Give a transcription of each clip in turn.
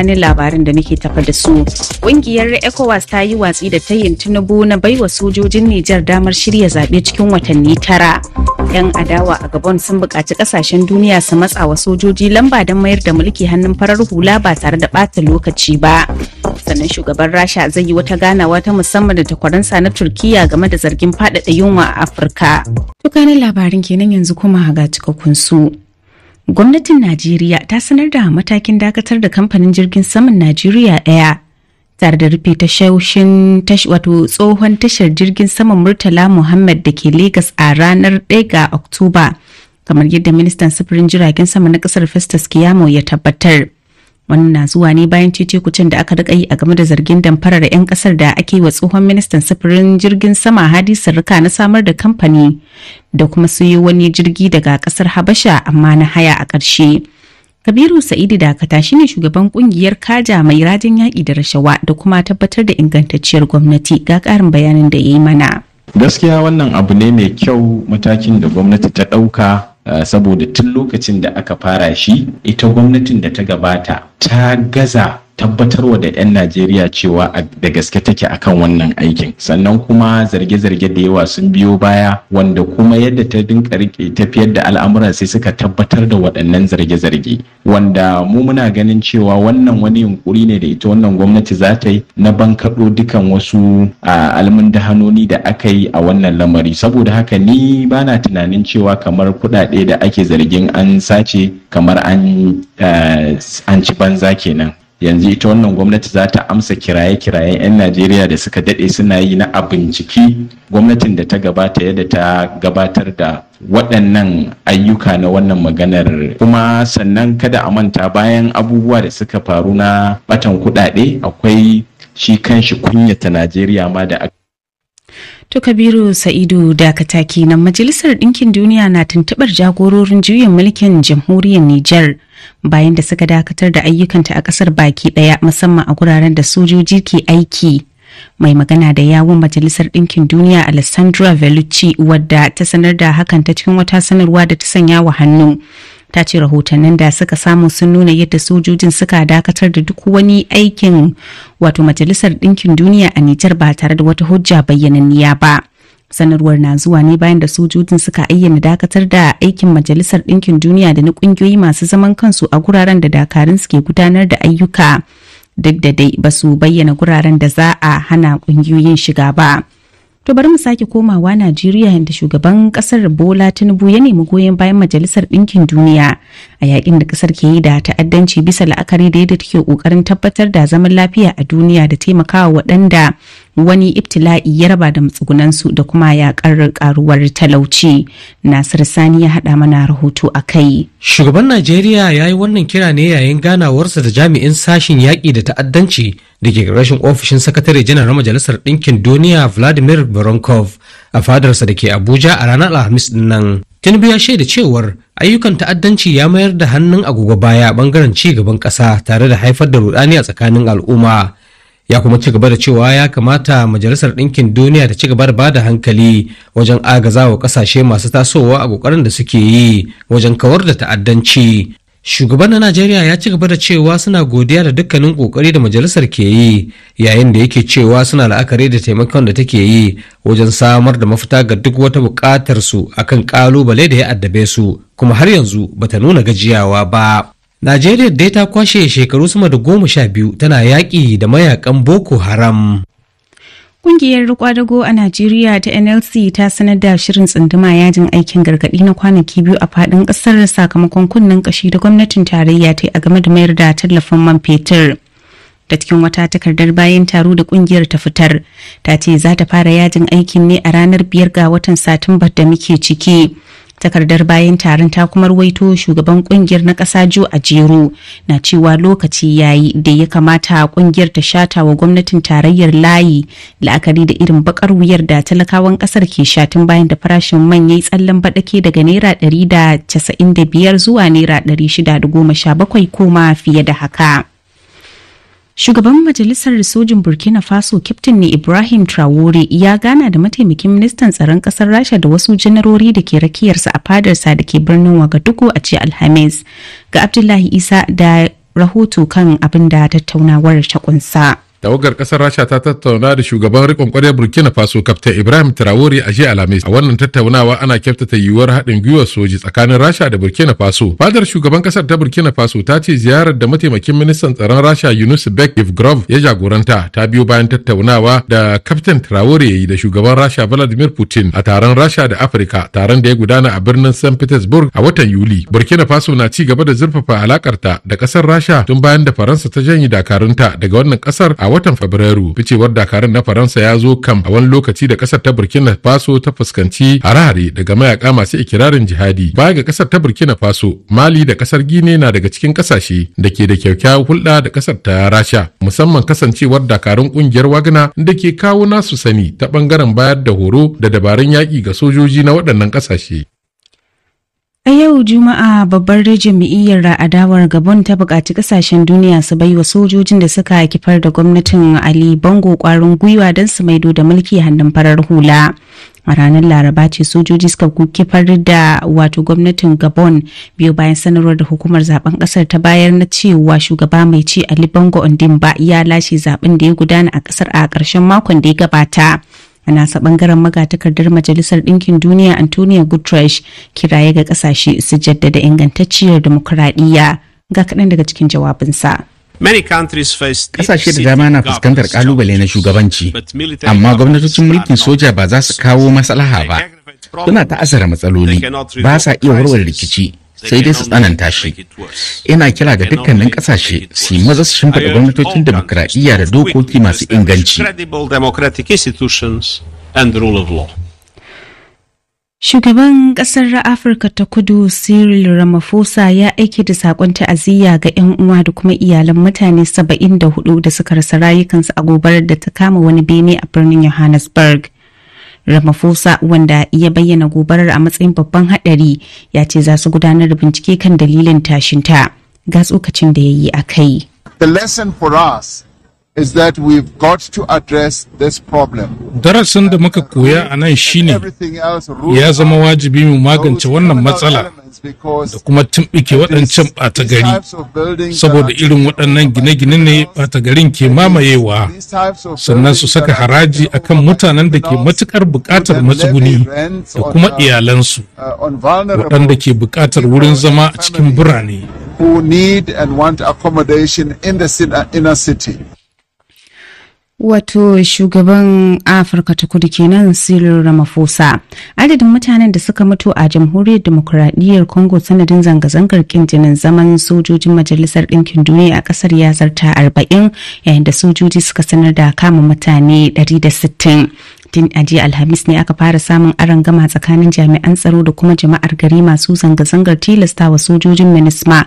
kanin labarin da nake tafa da su. Ƙungiyar ECOWAS ta yi watsi da ta tayin Tinubu na baiwa sojojin Nijar damar shirya zaɓe cikin watanni tara. 'Yan adawa a Gabon sun buƙaci ƙasashen duniya su matsa wa sojoji lamba don mayar da mulki hannun farar hula ba tare da ɓata lokaci ba. Sannan shugaban Rasha zai yi wata ganawa ta musamman da takwaransa na Turkiya game da zargin faɗaɗa yunwa a Afirka. Tukanin labarin kenan yanzu kuma ga cikakkun su. gwamnatin najeriya ta sanar da matakin dakatar da kamfanin jirgin saman najeriya ɗaya tare da rufe tashoshin wato tsohon tashar jirgin saman murtala muhammad da ke Legas a ranar 1 ga oktoba kamar yadda ministan sufurin jiragen sama na kasar festus kiyamo ya tabbatar wannan na zuwa ne bayan cece kucin da aka riƙa yi a game da zargin damfarar 'yan ƙasar da ake yi wa tsohon ministan sufurin jirgin sama hadi sarrika na samar da kamfani da kuma sayo wani jirgi daga ƙasar habasha amma na haya a ƙarshe kabiru sa'idu dakata shine shugaban kungiyar kaja mai rajin yaƙi da rashawa da kuma tabbatar da ingantacciyar gwamnati ga ƙarin bayanin da ya yi mana gaskiya wannan abu ne mai kyau matakin da gwamnati ta ɗauka Eh, saboda tun lokacin da aka fara shi ita gwamnatin da ta gabata ta gaza tabbatarwa da 'yan najeriya cewa da gaske take akan wannan aikin sannan kuma zarge-zarge da yawa sun biyo baya wanda kuma yadda ta dinka rike tafiyar da al'amura sai suka tabbatar da waɗannan zarge-zarge wanda mu muna ganin cewa wannan wani yunkuri ne da ita wannan gwamnati za ta yi na bankaɗo dukan wasu almundahanoni da aka yi a wannan lamari saboda haka ni bana tunanin cewa kamar kuɗaɗe da ake zargin an sace kamar an eh, ci banza kenan yanzu ita wannan gwamnati za ta amsa kiraye kiraye 'yan najeriya da suka dade suna yi na a binciki gwamnatin da ta gabata yadda ta gabatar da waɗannan ayyuka na wannan maganar kuma sannan kada a manta bayan abubuwa da suka faru na batan kuɗaɗe akwai shi kan shi kunyata najeriya ma da aka To Kabiru Sa'idu Dakataki na Majalisar Ɗinkin Duniya na tuntuɓar jagororin juyin mulkin jamhuriyar Nijar bayan da suka dakatar da ayyukanta a ƙasar baki ɗaya musamman a guraren da sojoji ke aiki. Mai magana da yawon Majalisar Ɗinkin Duniya Alessandra Velucci wadda ta sanar da hakan ta cikin wata sanarwa da ta sanya wa hannu ta ce rahotannin da suka samu sun nuna yadda sojojin suka dakatar da duk wani aikin wato majalisar ɗinkin duniya a nijar ba tare da wata hujja bayyananniya ba sanarwar na zuwa ne bayan da sojojin suka ayyana dakatar da aikin majalisar ɗinkin duniya da na ƙungiyoyi masu zaman kansu a guraren da dakarun suke gudanar da ayyuka duk da dai ba su bayyana guraren da za a hana ƙungiyoyin shiga ba. To bari mu sake komawa Najeriya yadda shugaban kasar Bola Tinubu ya nemi goyon bayan Majalisar dinkin Duniya a yakin da kasar ke yi da ta'addanci bisa la'akari da yadda take kokarin tabbatar da zaman lafiya a duniya da taimakawa waɗanda wani ibtila'i ya raba da matsugunansu da kuma yakar karuwar talauci nasir sani ya haɗa mana rahoto a kai shugaban najeriya ya yi wannan kira ne yayin ganawarsa da jami'in sashin yaƙi da ta'addanci da ke rashin ofishin sakatare janar majalisar ɗinkin duniya vladimir voronkov a fadarsa da ke abuja a ranar alhamis nan tinubu ya shaida cewar ayyukan ta'addanci ya mayar da hannun agogo baya bangaren ci gaban ƙasa tare da haifar da rudani a tsakanin al'umma ya kuma ci gaba da cewa ya kamata majalisar ɗinkin duniya ta ci gaba da bada hankali wajen agazawa ƙasashe masu tasowa a ƙoƙarin da suke yi wajen kawar da ta'addanci shugaban na najeriya ya ci gaba da cewa suna godiya da dukkanin ƙoƙari da majalisar ke yi yayin da yake cewa suna la'akari da taimakon da take yi wajen samar da mafita ga duk wata buƙatar su akan ƙalubale da ya addabe su kuma har yanzu bata nuna gajiyawa ba Najeriya dai ta kwashe shekaru sama da goma sha biyu tana yaƙi da mayakan Boko Haram. Kungiyar Rikwadago a Najeriya ta NLC ta sanar da shirin tsunduma yajin aikin gargaɗi na kwanaki biyu a faɗin ƙasar sakamakon kunnen ƙashi da gwamnatin tarayya ta yi a game da mayar da tallafin man fetur. Da cikin wata takardar bayan taro da kungiyar ta fitar, ta ce za ta fara yajin aikin ne a ranar biyar ga watan satumba da muke ciki. takardar bayan taron ta kuma ruwaito shugaban kungiyar na ƙasa jo a jero na cewa lokaci yayi da ya kamata kungiyar ta shata wa gwamnatin tarayyar layi la'akari da irin bakar wuyar da talakawan ƙasar ke shatun bayan da farashin man yi tsallan baɗake daga naira ɗari da casa'in da biyar zuwa naira ɗari shida da goma sha bakwai koma fiye da haka. Shugaban Majalisar Sojin Burkina Faso Kyaftin ne Ibrahim Traore ya gana da mataimakin ministan tsaron kasar Rasha da wasu janarori da ke rakiyarsa a fadarsa da ke birnin Wagadugu a ce Alhamis ga Abdullahi Isa da rahoto kan abin da tattaunawar ta kunsa. tawagar kasar rasha ta tattauna da shugaban rikon kwaryar burkina faso Kapten ibrahim traore a jiya alhamis a wannan tattaunawa ana kyautata yiwuwar haɗin gwiwar soji tsakanin rasha da burkina faso fadar shugaban kasar ta burkina faso ta ce ziyarar da mataimakin ministan tsaron rasha yunus bek grove ya jagoranta ta biyo bayan tattaunawa da kaftin traore ya yi da shugaban rasha vladimir putin a taron rasha da afirka taron da ya gudana a birnin st petersburg a watan yuli burkina faso na ci gaba da zurfafa alakarta da kasar rasha tun bayan da faransa ta janye dakarunta daga wannan kasar a watan Fabrairu ficewar dakarun na Faransa ya zo kan a wani lokaci da ƙasar ta Burkina Faso ta fuskanci harare daga mayaka masu ikirarin jihadi. Baya ga ƙasar ta Burkina Faso, Mali da ƙasar Gine na daga cikin ƙasashe da ke da kyakkyawar hulɗa da ƙasar ta Rasha, musamman kasancewar dakarun kungiyar Wagner da ke kawo nasu sani ta ɓangaren bayar da horo da dabarun yaƙi ga sojoji na waɗannan ƙasashe. A yau Juma'a babbar jami'iyyar adawar Gabon ta buƙaci ƙasashen duniya su bai wa sojojin da suka kifar da gwamnatin Ali Bongo ƙwarin gwiwa don su maido da mulki hannun farar hula. a ranar laraba ce sojoji suka kifar da wato gwamnatin gabon biyu bayan sanarwar da hukumar zaben ƙasar ta bayar na cewa shugaba mai ci ali bongo ondimba ya lashe zaben da ya gudana a ƙasar a ƙarshen makon da ya gabata a nasa bangaren magatakardar majalisar ɗinkin duniya antonio guterres kiraye ga kasashe su jaddada ingantacciyar demokuraɗiyya ga kaɗan daga cikin jawabinsa Kasashe da dama na fuskantar kalubale na shugabanci, amma gwamnatocin mulkin soja ba za su kawo maslaha ba. Suna ta'azzara matsaloli, ba sa iya warware rikici, sai dai su tsananta shi ina kira ga dukkanin kasashe su maza su shimfiɗa gwamnatocin demokradiyya da dokoki masu inganci Shugaban ƙasar Afirka ta kudu Cyril Ramaphosa ya aike da saƙon ta'aziyya ga 'yan uwa da kuma iyalan mutane 74 da suka rasa rayukansu a gobarar da ta kama wani bene a birnin Johannesburg. Ramaphosa wanda ya bayyana gobarar a matsayin babban haɗari ya ce za su gudanar da bincike kan dalilin tashinta ga tsokacin da ya yi a kai. The lesson for us is that we've got to address this problem. Darasin da muka koya a nan shine ya zama wajibi mu magance wannan matsala. da kuma tumɓike waɗancan ɓata gari saboda irin waɗannan gine-gine ne ɓata garin ke mamayewa sannan su saka haraji akan mutanen da ke matuƙar buƙatar matsuguni da kuma uh, iyalansu uh, waɗanda ke buƙatar wurin zama a cikin birane. wato shugaban afirka ta kudu kenan cyril ramaphosa adadin mutanen da suka mutu a jamhuriyar demokuraɗiyyar congo sanadin zanga-zangar kinjinin zaman sojojin majalisar ɗinkin duniya a ƙasar ya zarta 40 yayin da sojoji suka sanar da kama mutane 160 tun a jiya alhamis ne aka fara samun aron gama tsakanin jami'an tsaro da kuma jama'ar gari masu zanga-zangar tilastawa sojojin minisma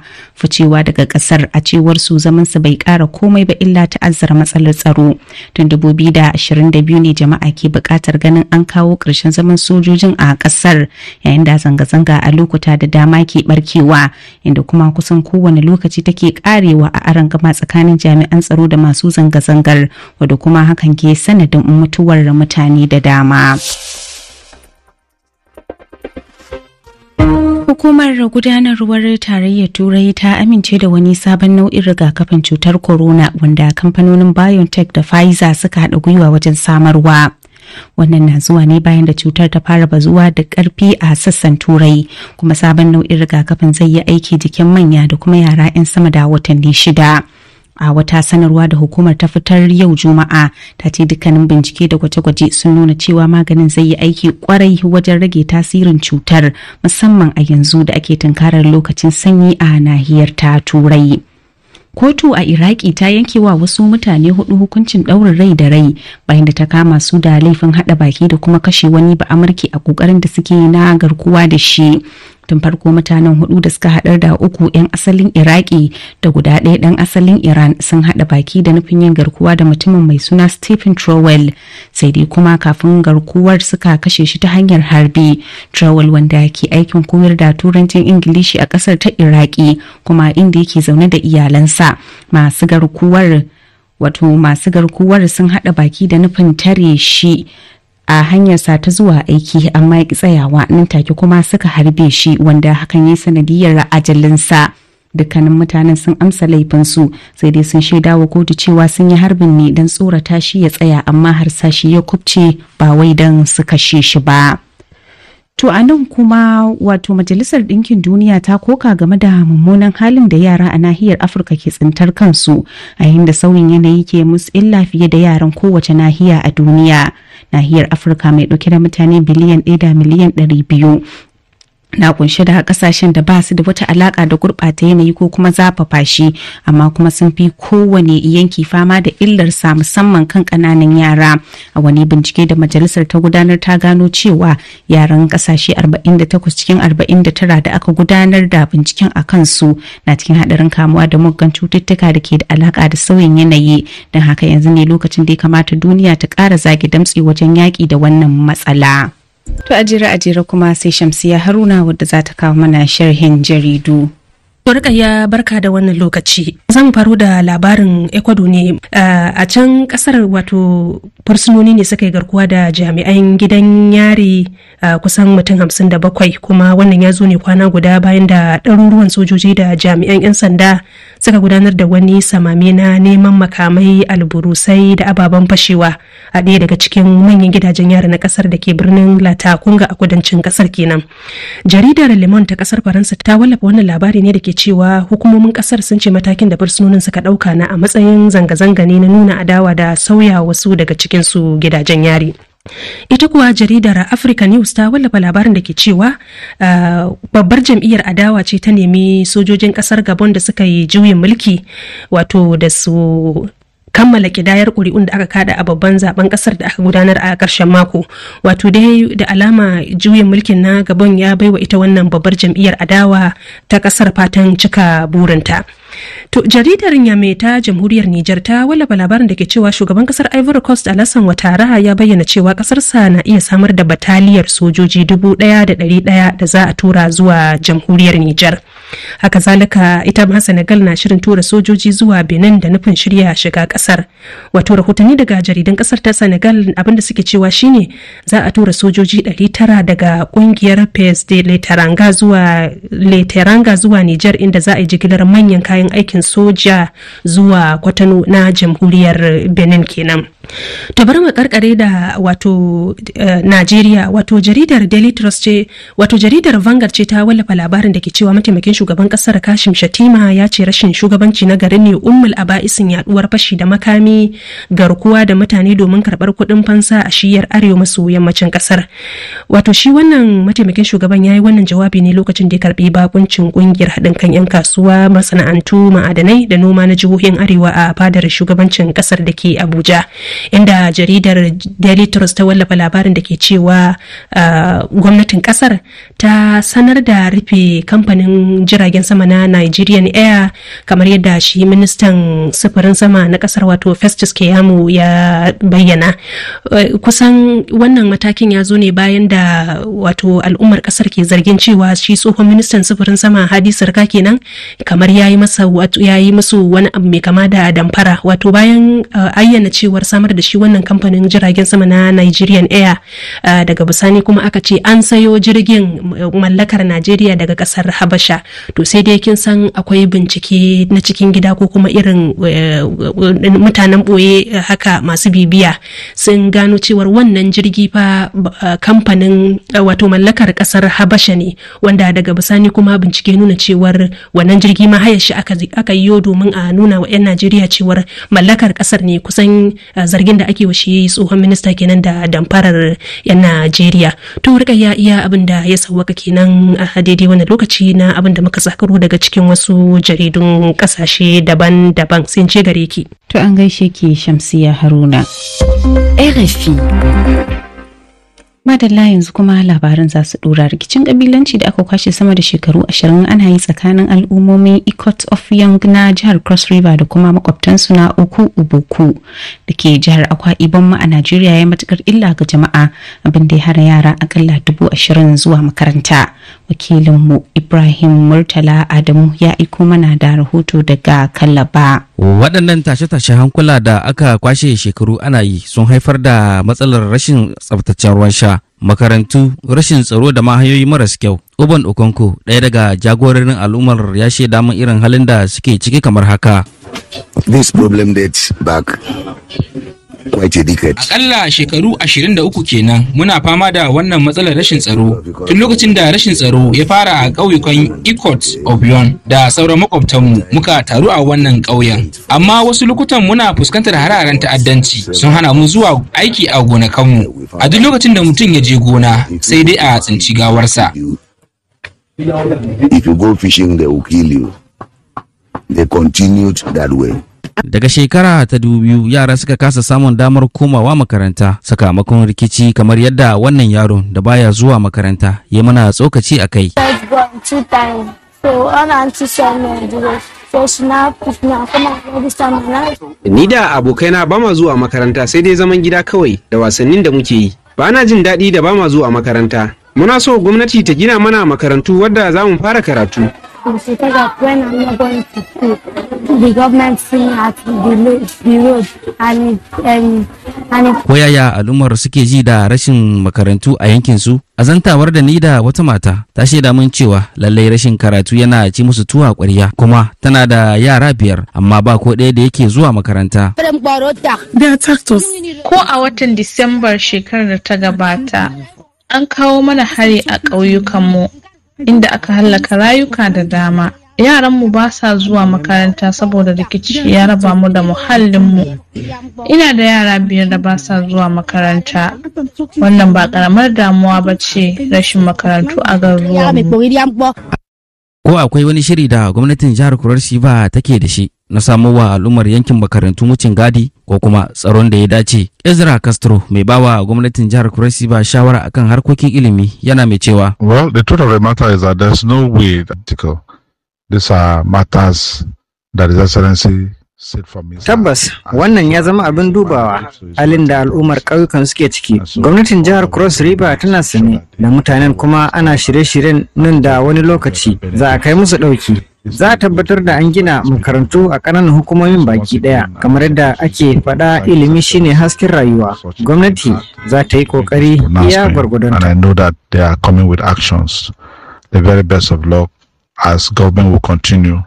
ficewa daga kasar a cewar su zaman su bai kara komai ba illa ta'azzara matsalar tsaro tun biyu ne jama'a ke bukatar ganin an kawo ƙarshen zaman sojojin a kasar yayin da zanga-zanga a lokuta da dama ke barkewa inda kuma kusan kowane lokaci take karewa a aron gama tsakanin jami'an tsaro da masu zanga-zangar wadda kuma hakan ke sanadin mutuwar mutane mutane da dama. Hukumar gudanarwar tarayyar Turai ta amince da wani sabon nau'in rigakafin cutar corona wanda kamfanonin BioNTech da Pfizer suka haɗa gwiwa wajen samarwa. Wannan na zuwa ne bayan da cutar ta fara bazuwa da ƙarfi a sassan Turai, kuma sabon nau'in rigakafin zai yi aiki jikin manya da kuma yara 'yan sama da watanni shida. a wata sanarwa da hukumar ta fitar yau juma'a ta ce dukkanin bincike da gwaje-gwaje sun nuna cewa maganin zai yi aiki kwarai wajen rage tasirin cutar musamman a yanzu da ake tunkarar lokacin sanyi a nahiyar ta turai kotu a iraki ta yanke wa wasu mutane hudu hukuncin daurin rai da rai bayan da ta kama su da laifin hada baki da kuma kashe wani ba amurki a kokarin da suke na garkuwa da shi tun farko mutanen hudu da suka haɗar da uku 'yan asalin iraki da guda ɗaya ɗan asalin iran sun haɗa baki da nufin yin garkuwa da mutumin mai suna stephen trowell sai dai kuma kafin garkuwar suka kashe shi ta hanyar harbi trowell wanda ke aikin koyar da turancin ingilishi a ƙasar ta iraki kuma inda yake zaune da iyalansa masu garkuwar wato masu garkuwar sun haɗa baki da nufin tare shi a hanyar sa ta zuwa aiki amma ya ki tsayawa nan take kuma suka harbe shi wanda hakan yi sanadiyar ajalinsa dukkanin mutanen sun amsa laifinsu sai dai sun shaida wa kotu cewa sun yi harbin ne don tsorata shi ya tsaya amma har sashi ya kubce ba wai dan su kashe shi ba. To a nan kuma wato Majalisar Ɗinkin Duniya ta koka game da mummunan halin da yara a nahiyar Afirka ke tsintar kansu a inda sauyin yanayi ke musu illa fiye da yaran kowace nahiya a duniya. nahiyar afirka mai dauke da mutane biliyan ɗaya da miliyan ɗari biyu na kunshe da kasashen da ba su da wata alaka da gurɓata yanayi ko kuma zafafa shi amma kuma sun fi kowane yanki fama da illarsa musamman kan ƙananan yara a wani bincike da majalisar ta gudanar ta gano cewa yaran ƙasashe 48 cikin 49 da aka gudanar da binciken a kansu na cikin haɗarin kamuwa da muggan cututtuka da ke da alaka da sauyin yanayi don haka yanzu ne lokacin da ya kamata duniya ta ƙara zage damtse wajen yaƙi da wannan matsala. To ajira ajira kuma sai Shamsiya Haruna wadda za ta kawo mana sharhin jaridu. ya barka da wannan lokaci. Zan faru da labarin Ecuador ne a can kasar wato fursunoni ne suka yi garkuwa da jami'an gidan yari kusan mutum hamsin da bakwai kuma wannan ya zo ne kwana guda bayan da ɗaruruwan sojoji da jami'an 'yan sanda suka gudanar da wani samame na neman makamai alburusai da ababen fashewa a ɗaya daga cikin manyan gidajen yara na ƙasar da ke birnin latakunga a kudancin ƙasar kenan jaridar le monde ta ƙasar faransa ta wallafa wannan labari ne da ke cewa hukumomin ƙasar sun ce matakin da fursunonin suka ɗauka na a matsayin zanga-zanga ne na nuna adawa da sauya wasu daga cikin su gidajen yari ita kuwa jaridar africa news ta wallafa labarin da ke cewa uh, babbar jam'iyyar adawa ce ta nemi sojojin kasar gabon da suka yi juyin mulki wato da su kammala kidayar ƙuri'un da aka kada a babban zaben ƙasar da aka gudanar a karshen mako wato dai da alama juyin mulkin na gabon ya baiwa ita wannan babbar jam'iyyar adawa ta ƙasar fatan cika burinta. To jaridar Nyame ta jamhuriyar Nijar ta wallafa labarin da ke cewa shugaban kasar Ivory Coast Alassane Ouattara ya bayyana cewa kasarsa na iya samar da bataliyar sojoji dubu ɗaya da ɗari ɗaya da za a tura zuwa jamhuriyar Nijar. haka zalika ita ma senegal na shirin tura sojoji zuwa benin da nufin shirya shiga kasar wato rahotanni daga jaridan kasar ta senegal abinda suke cewa shine za a tura sojoji 900 daga kungiyar pes leteranga zuwa leteranga zuwa niger inda za a yi jigilar manyan kayan aikin soja zuwa kwatano na jamhuriyar benin kenan to bari mu karkare da wato eh, Najeriya wato jaridar Daily Trust ce wato jaridar Vanguard ce ta wallafa labarin da ke cewa mataimakin shugaban kasar Kashim Shatima ya ce rashin shugabanci na garin ne ummul aba'isin yaduwar fashi da makami garkuwa da mutane domin karbar kuɗin fansa a shiyar arewa maso yammacin kasar wato shi wannan mataimakin shugaban yayi wannan jawabi ne lokacin da ya karbi bakuncin kungiyar haɗin kan yan kasuwa masana'antu ma'adanai da noma na jihohin arewa a fadar shugabancin kasar da ke Abuja inda jaridar daily trust ta wallafa labarin da ke cewa uh, gwamnatin kasar ta sanar da rufe kamfanin jiragen sama na nigerian air kamar yadda shi ministan sufurin sama na kasar wato festus keyamu ya bayyana uh, kusan wannan matakin ya zo ne bayan da wato al'ummar kasar ke zargin cewa shi tsohon ministan sufurin sama hadi sarka kenan kamar ya yi musu wani abu mai kama da damfara wato bayan uh, ayyana cewar sama samar da shi wannan kamfanin jiragen sama na Nigerian Air uh, daga bisani kuma aka ce an sayo jirgin uh, mallakar Najeriya daga kasar Habasha to sai dai kin san akwai bincike na cikin gida ko kuma irin uh, mutanen boye haka masu bibiya sun gano cewar wannan jirgi fa kamfanin wato mallakar kasar Habasha ne wanda daga bisani kuma bincike nuna cewar wannan jirgi ma hayar shi aka yi domin a nuna wa 'yan Najeriya cewar mallakar kasar ne kusan zargin da ake washe tsohon minista kenan da damfarar yan najeriya to rika ya iya abin da ya sauwaka kenan a daidai wani lokaci na abin da muka sakaro daga cikin wasu jaridun ƙasashe daban-daban sun ce gare ki to an gaishe ki shamsiya haruna rfi madalla yanzu kuma labarin za su dora rikicin kabilanci da aka kwashe sama da shekaru ashirin ana yi tsakanin al'ummomin Ikot of Young na jihar Cross River da kuma makwabtansu na uku Uboku da ke jihar Akwa Ibom a Najeriya ya matukar illa ga jama'a abin da ya hana yara akalla dubu ashirin zuwa makaranta. Wakilinmu Ibrahim Murtala Adamu ya aiko mana da rahoto daga Kalaba. Waɗannan tashe-tashen hankula da aka kwashe shekaru ana yi sun haifar da matsalar rashin tsabtataccen ruwan sha makarantu rashin tsaro da mahayoyi maras kyau uban okonko ɗaya daga jagororin al'ummar ya shaida min irin halin da suke ciki kamar haka this problem dates back kwace dikat. Akalla shekaru 23 kenan muna fama da wannan matsalar rashin tsaro. Tun lokacin da rashin tsaro ya fara a ƙauyukan Ikot of Yon da sauran mu muka taru a wannan ƙauyen. Amma wasu lokutan muna fuskantar hararen ta'addanci sun hana mu zuwa aiki a gonakanmu. A duk lokacin da mutum ya je gona sai dai a tsinci gawarsa. If you go fishing they will kill you. They continued that way. Daga shekara ta dubu yara suka kasa samun damar komawa makaranta sakamakon rikici kamar yadda wannan yaron da baya zuwa makaranta ya mana tsokaci a kai. Ni da abokaina ba ma zuwa makaranta sai dai zaman gida kawai da wasannin da muke yi. Ba na jin daɗi da ba ma zuwa makaranta. Muna so gwamnati ta gina mana makarantu wadda za mu fara karatu. the government yaya al'ummar suke ji da rashin makarantu a yankin su? Azantawar da ni da wata mata ta shaida min cewa lallai rashin karatu yana ci musu tuwa kwarya kuma tana da yara biyar amma ba ko ɗaya da yake zuwa makaranta. Ko a watan Disambar shekarar da ta gabata an kawo mana hari a ƙauyukanmu inda aka hallaka rayuka da dama. yaranmu ba sa zuwa makaranta saboda rikici ya raba mu da muhallinmu ina da yara biyar da ba sa zuwa makaranta wannan ba karamar damuwa ba ce rashin makarantu a garuruwanmu ko akwai wani shiri da gwamnatin jihar kurarsi ba take da shi na samo wa al'ummar yankin makarantun mucin gadi ko kuma tsaron da ya dace. Ezra Castro mai bawa gwamnatin jihar Kuresiba shawara akan harkokin ilimi yana mai cewa. Well, the truth of the matter is that there's no way that These are matters that His Excellency Tabbas wannan ya zama abin dubawa halin da al'ummar ƙauyukan suke ciki. Gwamnatin jihar Cross River tana sane da mutanen kuma ana shirye-shiryen nan da wani lokaci za a kai musu ɗauki. Za a tabbatar da an gina makarantu a ƙananan hukumomin baki ɗaya kamar yadda ake faɗa ilimi shine hasken rayuwa. Gwamnati za ta yi ƙoƙari iya gwargwadonta. And I know that they are coming with actions. The very best of luck as government will continue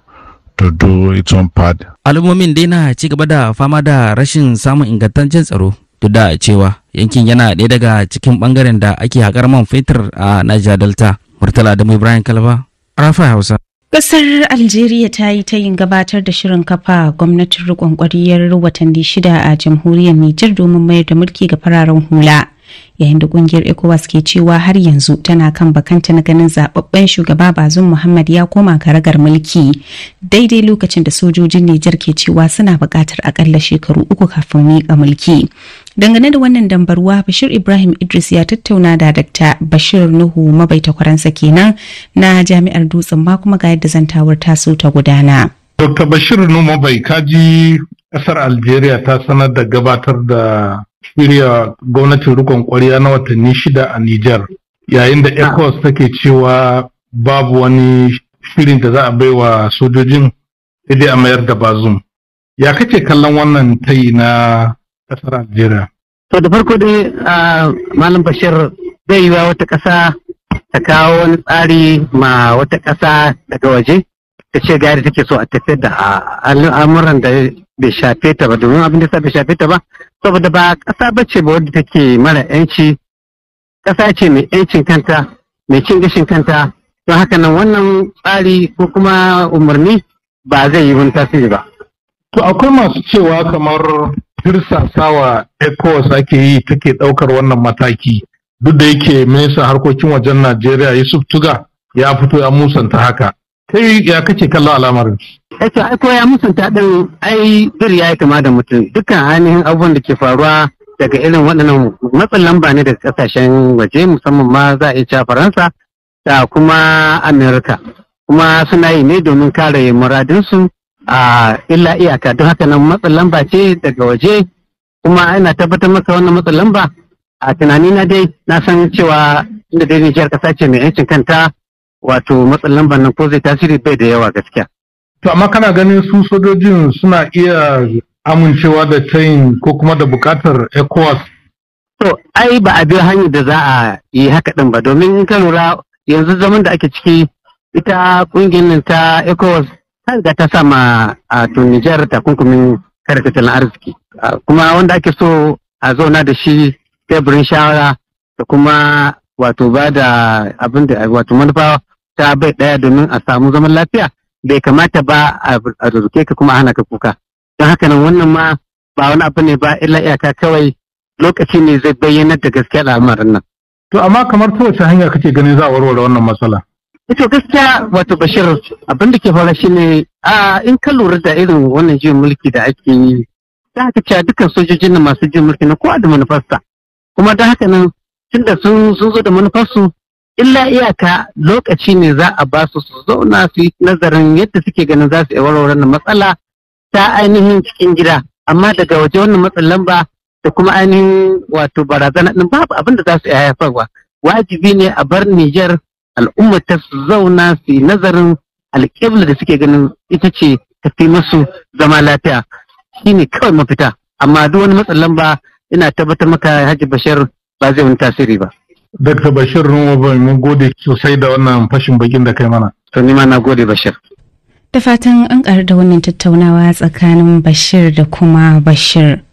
to do its own part. Al'ummomin dai na ci gaba da fama da rashin samun ingantaccen tsaro duk da cewa yankin yana ɗaya daga cikin ɓangaren da ake haƙar man fetur a Niger Delta. Murtala Adamu Ibrahim Kalba, Rafa Hausa. Ƙasar Algeria ta yi ta yin gabatar da shirin kafa gwamnatin riƙon watanni shida a jamhuriyar Nijar domin mayar da mulki ga fararen hula. yayin da kungiyar ecowas ke cewa har yanzu tana kan bakanta na ganin zababben shugaba bazum muhammad ya koma karagar mulki daidai lokacin da sojojin nijar ke cewa suna bukatar akalla shekaru uku kafin miƙa mulki dangane da wannan dambarwa bashir ibrahim idris ya tattauna da dr bashir nuhu mabaita kwaransa kenan na jami'ar dutsen ma kuma ga yadda zantawar taso ta gudana dr bashir nuhu mabai kaji kasar algeria ta sanar da gabatar da shirya gwamnatin rikon kwarya na watanni shida a Nijar yayin da ECOWAS take cewa babu wani shirin da za a baiwa sojojin idai a mayar da bazum. Ya kace kallon wannan tayi na ƙasar Algeria? To da farko dai Malam Bashir zai wa wata ƙasa ta kawo wani tsari ma wata ƙasa daga waje ta ce gari take so a tafi da al'amuran da bai shafe ta ba domin abin da bai shafe ta ba saboda ba ƙasa ba ce ba wadda take mara yanci ƙasa ce mai yancin kanta mai cin gashin kanta don haka nan wannan tsari ko kuma umarni ba zai yi wani tasiri ba. To akwai masu cewa kamar hirsasawa, ECOWAS ake yi take ɗaukar wannan mataki duk da yake minista harkokin wajen Najeriya Yusuf Tuga ya fito ya musanta haka. sai ya kace kallon al'amarin Ya eh ai ko ya musanta ɗin ai bir ya yi kama da mutum dukkan ainihin abubuwan da ke faruwa daga irin waɗannan matsin lamba ne daga kasashen waje musamman ma za a iya faransa da kuma amerika kuma suna yi ne domin kare muradinsu a illa iyaka don haka nan matsin lamba ce daga waje kuma ina tabbatar maka wannan matsin lamba a tunanina dai na san cewa inda dai Nijar ƙasa ce mai yancin kanta wato matsin lambar nan ko zai tasiri bai da yawa gaskiya. To amma kana ganin su sojojin suna iya amincewa da tayin ko kuma da bukatar ECOWAS. To ai ba a bi hanyar da za a yi haka din ba domin in ka lura yanzu zaman da ake ciki ita kungiyar ta ECOWAS ta riga ta sama a to takunkumin kare arziki kuma wanda ake so a zauna da shi teburin shawara da kuma wato ba da abin da wato manufa ta bai ɗaya domin a samu zaman lafiya bai kamata ba a zuke ka kuma hana ka kuka don haka nan wannan ma ba wani abu ne ba illa iyaka kawai lokaci ne zai bayyana da gaskiya al'amarin nan. To amma kamar ta wace hanya kake ganin za a warware wannan matsala? Ito eh gaskiya wato Bashir abin da ke fara shi ne a in ka lura da irin wannan jin mulki da ake yi za haka cewa dukkan sojojin na masu jin mulki na kowa da manufarsa kuma da haka nan tunda sun sun zo da manufarsu illa iyaka lokaci ne za a ba su su zauna su yi nazarin yadda suke ganin za su yi warware matsala ta ainihin cikin gida amma daga waje wannan matsalan lamba da kuma ainihin wato barazana din babu abin da za su iya haifarwa wajibi ne a bar Nijar al'umma ta su zauna su yi nazarin alƙibla da suke ganin ita ce tafi masu zama lafiya shine kawai mafita amma duk wani matsalan lamba ina tabbatar maka Hajji Bashir ba zai wani tasiri ba. Dr. Bashir Rumobai mun gode sosai da wannan fashin bakin da kai mana. To ni ma na gode Bashir. Da fatan an ƙaru da wannan tattaunawa tsakanin Bashir da kuma Bashir.